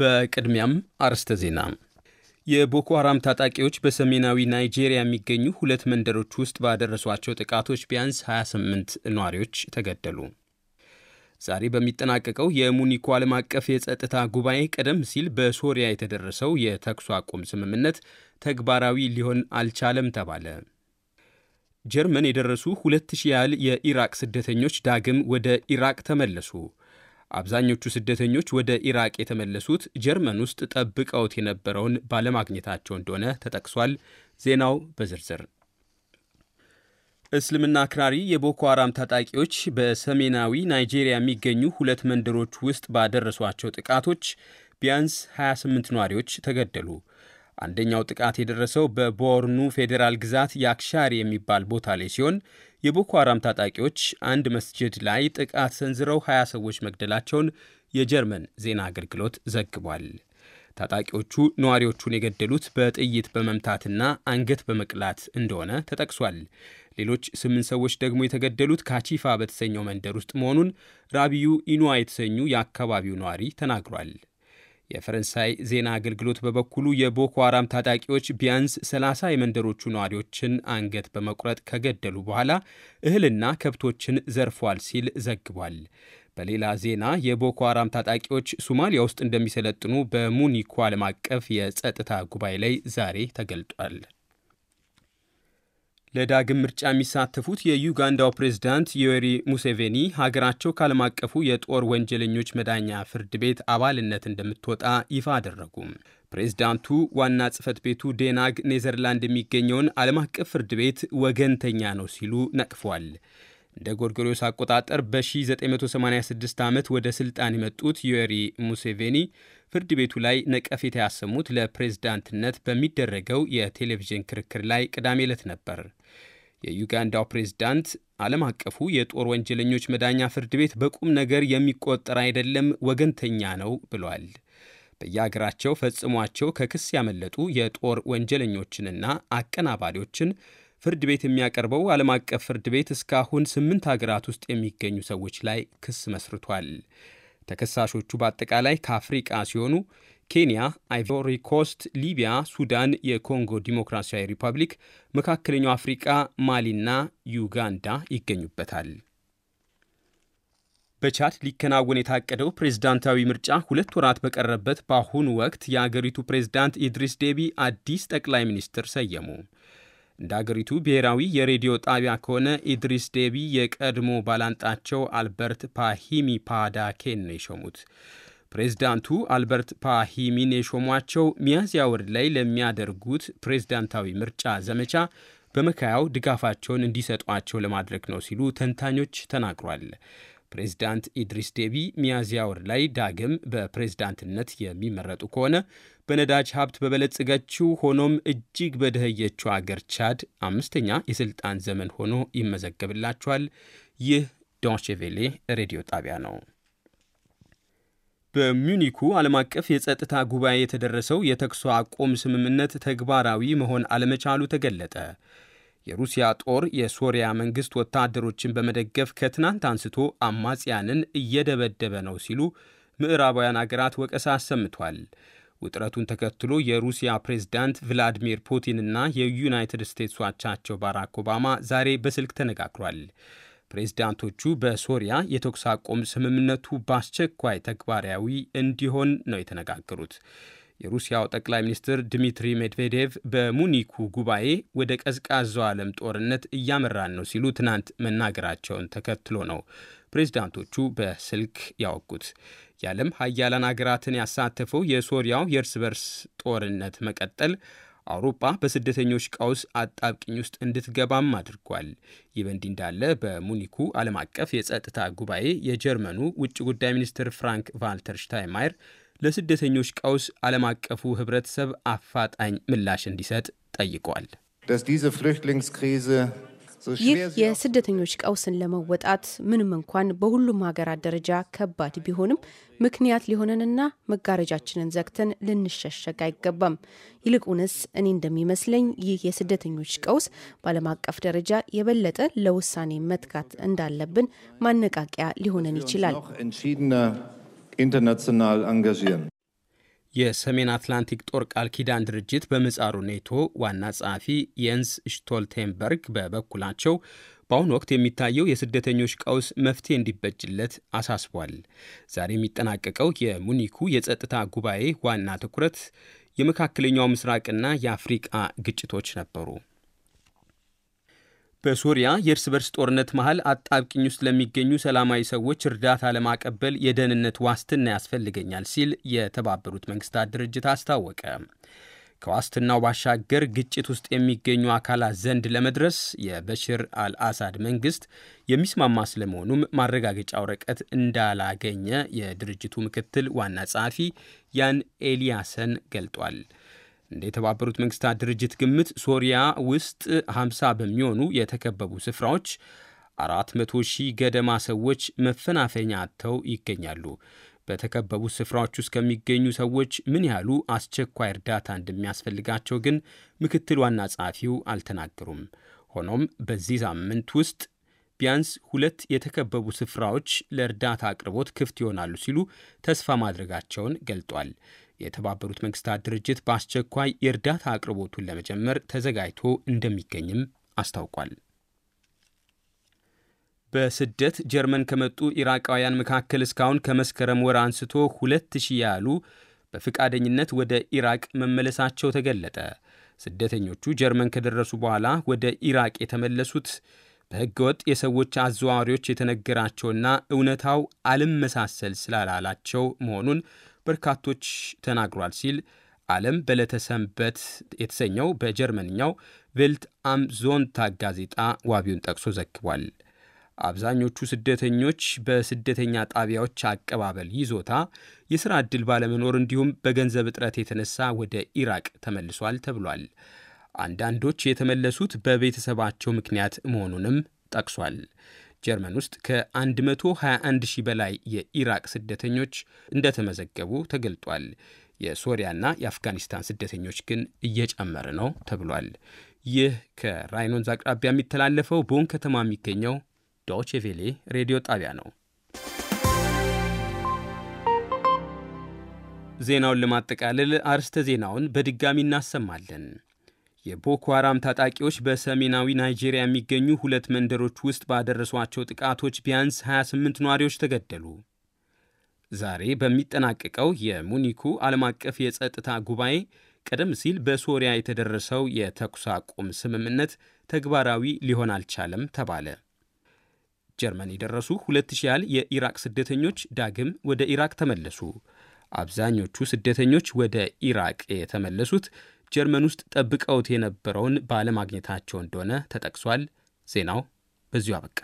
በቅድሚያም አርስተ ዜና። የቦኮ ሐራም ታጣቂዎች በሰሜናዊ ናይጄሪያ የሚገኙ ሁለት መንደሮች ውስጥ ባደረሷቸው ጥቃቶች ቢያንስ 28 ነዋሪዎች ተገደሉ። ዛሬ በሚጠናቀቀው የሙኒኩ ዓለም አቀፍ የጸጥታ ጉባኤ ቀደም ሲል በሶሪያ የተደረሰው የተኩስ አቁም ስምምነት ተግባራዊ ሊሆን አልቻለም ተባለ። ጀርመን የደረሱ 2000 ያህል የኢራቅ ስደተኞች ዳግም ወደ ኢራቅ ተመለሱ። አብዛኞቹ ስደተኞች ወደ ኢራቅ የተመለሱት ጀርመን ውስጥ ጠብቀውት የነበረውን ባለማግኘታቸው እንደሆነ ተጠቅሷል። ዜናው በዝርዝር እስልምና አክራሪ የቦኮ ሐራም ታጣቂዎች በሰሜናዊ ናይጄሪያ የሚገኙ ሁለት መንደሮች ውስጥ ባደረሷቸው ጥቃቶች ቢያንስ 28 ነዋሪዎች ተገደሉ። አንደኛው ጥቃት የደረሰው በቦርኑ ፌዴራል ግዛት የአክሻሪ የሚባል ቦታ ላይ ሲሆን የቦኮ ሐራም ታጣቂዎች አንድ መስጅድ ላይ ጥቃት ሰንዝረው 20 ሰዎች መግደላቸውን የጀርመን ዜና አገልግሎት ዘግቧል። ታጣቂዎቹ ነዋሪዎቹን የገደሉት በጥይት በመምታትና አንገት በመቅላት እንደሆነ ተጠቅሷል። ሌሎች ስምንት ሰዎች ደግሞ የተገደሉት ካቺፋ በተሰኘው መንደር ውስጥ መሆኑን ራቢዩ ኢኑዋ የተሰኙ የአካባቢው ነዋሪ ተናግሯል። የፈረንሳይ ዜና አገልግሎት በበኩሉ የቦኮ አራም ታጣቂዎች ቢያንስ 30 የመንደሮቹ ነዋሪዎችን አንገት በመቁረጥ ከገደሉ በኋላ እህልና ከብቶችን ዘርፏል ሲል ዘግቧል። በሌላ ዜና የቦኮ አራም ታጣቂዎች ሶማሊያ ውስጥ እንደሚሰለጥኑ በሙኒኩ ዓለም አቀፍ የጸጥታ ጉባኤ ላይ ዛሬ ተገልጧል። ለዳግም ምርጫ የሚሳተፉት የዩጋንዳው ፕሬዝዳንት ዮዌሪ ሙሴቬኒ ሀገራቸው ካለም አቀፉ የጦር ወንጀለኞች መዳኛ ፍርድ ቤት አባልነት እንደምትወጣ ይፋ አደረጉ። ፕሬዝዳንቱ ዋና ጽህፈት ቤቱ ዴናግ ኔዘርላንድ የሚገኘውን ዓለም አቀፍ ፍርድ ቤት ወገንተኛ ነው ሲሉ ነቅፏል። እንደ ጎርጎሪዮስ አቆጣጠር በ1986 ዓመት ወደ ስልጣን የመጡት ዩዌሪ ሙሴቬኒ ፍርድ ቤቱ ላይ ነቀፌታ ያሰሙት ለፕሬዝዳንትነት በሚደረገው የቴሌቪዥን ክርክር ላይ ቅዳሜ ዕለት ነበር። የዩጋንዳው ፕሬዝዳንት ዓለም አቀፉ የጦር ወንጀለኞች መዳኛ ፍርድ ቤት በቁም ነገር የሚቆጠር አይደለም፣ ወገንተኛ ነው ብሏል። በየአገራቸው ፈጽሟቸው ከክስ ያመለጡ የጦር ወንጀለኞችንና አቀናባሪዎችን ፍርድ ቤት የሚያቀርበው ዓለም አቀፍ ፍርድ ቤት እስካሁን ስምንት ሀገራት ውስጥ የሚገኙ ሰዎች ላይ ክስ መስርቷል። ተከሳሾቹ በአጠቃላይ ከአፍሪቃ ሲሆኑ ኬንያ፣ አይቮሪ ኮስት፣ ሊቢያ፣ ሱዳን፣ የኮንጎ ዲሞክራሲያዊ ሪፐብሊክ፣ መካከለኛው አፍሪቃ፣ ማሊና ዩጋንዳ ይገኙበታል። በቻድ ሊከናወን የታቀደው ፕሬዝዳንታዊ ምርጫ ሁለት ወራት በቀረበት በአሁኑ ወቅት የአገሪቱ ፕሬዝዳንት ኢድሪስ ዴቢ አዲስ ጠቅላይ ሚኒስትር ሰየሙ። እንደ አገሪቱ ብሔራዊ የሬዲዮ ጣቢያ ከሆነ ኢድሪስ ዴቢ የቀድሞ ባላንጣቸው አልበርት ፓሂሚ ፓዳኬን ነው የሾሙት። ፕሬዝዳንቱ አልበርት ፓሂሚን የሾሟቸው ሚያዝያ ወር ላይ ለሚያደርጉት ፕሬዝዳንታዊ ምርጫ ዘመቻ በመካያው ድጋፋቸውን እንዲሰጧቸው ለማድረግ ነው ሲሉ ተንታኞች ተናግሯል። ፕሬዝዳንት ኢድሪስ ዴቢ ሚያዝያ ወር ላይ ዳግም በፕሬዝዳንትነት የሚመረጡ ከሆነ በነዳጅ ሀብት በበለጸገችው ሆኖም እጅግ በደህየችው አገር ቻድ አምስተኛ የስልጣን ዘመን ሆኖ ይመዘገብላቸኋል ይህ ዶችቬሌ ሬዲዮ ጣቢያ ነው። በሚዩኒኩ ዓለም አቀፍ የጸጥታ ጉባኤ የተደረሰው የተኩስ አቁም ስምምነት ተግባራዊ መሆን አለመቻሉ ተገለጠ። የሩሲያ ጦር የሶሪያ መንግሥት ወታደሮችን በመደገፍ ከትናንት አንስቶ አማጽያንን እየደበደበ ነው ሲሉ ምዕራባውያን አገራት ወቀሳ አሰምቷል። ውጥረቱን ተከትሎ የሩሲያ ፕሬዝዳንት ቭላዲሚር ፑቲንና የዩናይትድ ስቴትስ አቻቸው ባራክ ኦባማ ዛሬ በስልክ ተነጋግሯል። ፕሬዝዳንቶቹ በሶሪያ የተኩስ አቁም ስምምነቱ በአስቸኳይ ተግባራዊ እንዲሆን ነው የተነጋገሩት። የሩሲያው ጠቅላይ ሚኒስትር ድሚትሪ ሜድቬዴቭ በሙኒኩ ጉባኤ ወደ ቀዝቃዛው ዓለም ጦርነት እያመራን ነው ሲሉ ትናንት መናገራቸውን ተከትሎ ነው ፕሬዚዳንቶቹ በስልክ ያወጉት። የዓለም ሀያላን ሀገራትን ያሳተፈው የሶሪያው የእርስ በርስ ጦርነት መቀጠል አውሮፓ በስደተኞች ቀውስ አጣብቅኝ ውስጥ እንድትገባም አድርጓል። ይህ በእንዲህ እንዳለ በሙኒኩ ዓለም አቀፍ የጸጥታ ጉባኤ የጀርመኑ ውጭ ጉዳይ ሚኒስትር ፍራንክ ቫልተር ሽታይማየር ለስደተኞች ቀውስ ዓለም አቀፉ ህብረተሰብ አፋጣኝ ምላሽ እንዲሰጥ ጠይቋል። ይህ የስደተኞች ቀውስን ለመወጣት ምንም እንኳን በሁሉም ሀገራት ደረጃ ከባድ ቢሆንም ምክንያት ሊሆነንና መጋረጃችንን ዘግተን ልንሸሸግ አይገባም። ይልቁንስ እኔ እንደሚመስለኝ ይህ የስደተኞች ቀውስ በዓለም አቀፍ ደረጃ የበለጠ ለውሳኔ መትጋት እንዳለብን ማነቃቂያ ሊሆነን ይችላል። የሰሜን አትላንቲክ ጦር ቃል ኪዳን ድርጅት በምጻሩ ኔቶ ዋና ጸሐፊ የንስ ሽቶልቴንበርግ በበኩላቸው በአሁኑ ወቅት የሚታየው የስደተኞች ቀውስ መፍትሄ እንዲበጅለት አሳስቧል። ዛሬ የሚጠናቀቀው የሙኒኩ የጸጥታ ጉባኤ ዋና ትኩረት የመካከለኛው ምስራቅና የአፍሪቃ ግጭቶች ነበሩ። በሱሪያ የእርስ በርስ ጦርነት መሀል አጣብቅኝ ውስጥ ለሚገኙ ሰላማዊ ሰዎች እርዳታ ለማቀበል የደህንነት ዋስትና ያስፈልገኛል ሲል የተባበሩት መንግስታት ድርጅት አስታወቀ። ከዋስትናው ባሻገር ግጭት ውስጥ የሚገኙ አካላት ዘንድ ለመድረስ የበሽር አልአሳድ መንግስት የሚስማማ ስለመሆኑም ማረጋገጫ ወረቀት እንዳላገኘ የድርጅቱ ምክትል ዋና ጸሐፊ ያን ኤሊያሰን ገልጧል። እንደ የተባበሩት መንግስታት ድርጅት ግምት ሶሪያ ውስጥ 50 በሚሆኑ የተከበቡ ስፍራዎች 400 ሺህ ገደማ ሰዎች መፈናፈኛ አጥተው ይገኛሉ። በተከበቡ ስፍራዎች ውስጥ ከሚገኙ ሰዎች ምን ያህሉ አስቸኳይ እርዳታ እንደሚያስፈልጋቸው ግን ምክትል ዋና ጸሐፊው አልተናገሩም። ሆኖም በዚህ ሳምንት ውስጥ ቢያንስ ሁለት የተከበቡ ስፍራዎች ለእርዳታ አቅርቦት ክፍት ይሆናሉ ሲሉ ተስፋ ማድረጋቸውን ገልጧል። የተባበሩት መንግስታት ድርጅት በአስቸኳይ የእርዳታ አቅርቦቱን ለመጀመር ተዘጋጅቶ እንደሚገኝም አስታውቋል። በስደት ጀርመን ከመጡ ኢራቃውያን መካከል እስካሁን ከመስከረም ወር አንስቶ ሁለት ሺህ ያህሉ በፈቃደኝነት ወደ ኢራቅ መመለሳቸው ተገለጠ። ስደተኞቹ ጀርመን ከደረሱ በኋላ ወደ ኢራቅ የተመለሱት በህገወጥ የሰዎች አዘዋዋሪዎች የተነገራቸውና እውነታው አልመሳሰል ስላላላቸው መሆኑን በርካቶች ተናግሯል ሲል ዓለም በዕለተ ሰንበት የተሰኘው በጀርመንኛው ቬልት አም ጋዜጣ ዋቢውን ጠቅሶ ዘግቧል። አብዛኞቹ ስደተኞች በስደተኛ ጣቢያዎች አቀባበል ይዞታ፣ የሥራ ዕድል ባለመኖር እንዲሁም በገንዘብ እጥረት የተነሳ ወደ ኢራቅ ተመልሷል ተብሏል። አንዳንዶች የተመለሱት በቤተሰባቸው ምክንያት መሆኑንም ጠቅሷል። ጀርመን ውስጥ ከ121 ሺህ በላይ የኢራቅ ስደተኞች እንደተመዘገቡ ተገልጧል። የሶሪያና የአፍጋኒስታን ስደተኞች ግን እየጨመረ ነው ተብሏል። ይህ ከራይን ወንዝ አቅራቢያ የሚተላለፈው ቦን ከተማ የሚገኘው ዶቼ ቬሌ ሬዲዮ ጣቢያ ነው። ዜናውን ለማጠቃለል አርስተ ዜናውን በድጋሚ እናሰማለን። የቦኮ ሃራም ታጣቂዎች በሰሜናዊ ናይጄሪያ የሚገኙ ሁለት መንደሮች ውስጥ ባደረሷቸው ጥቃቶች ቢያንስ 28 ነዋሪዎች ተገደሉ። ዛሬ በሚጠናቀቀው የሙኒኩ ዓለም አቀፍ የጸጥታ ጉባኤ ቀደም ሲል በሶሪያ የተደረሰው የተኩስ አቁም ስምምነት ተግባራዊ ሊሆን አልቻለም ተባለ። ጀርመን የደረሱ 2000 ያህል የኢራቅ ስደተኞች ዳግም ወደ ኢራቅ ተመለሱ። አብዛኞቹ ስደተኞች ወደ ኢራቅ የተመለሱት ጀርመን ውስጥ ጠብቀውት የነበረውን ባለማግኘታቸው እንደሆነ ተጠቅሷል። ዜናው በዚሁ አበቃ።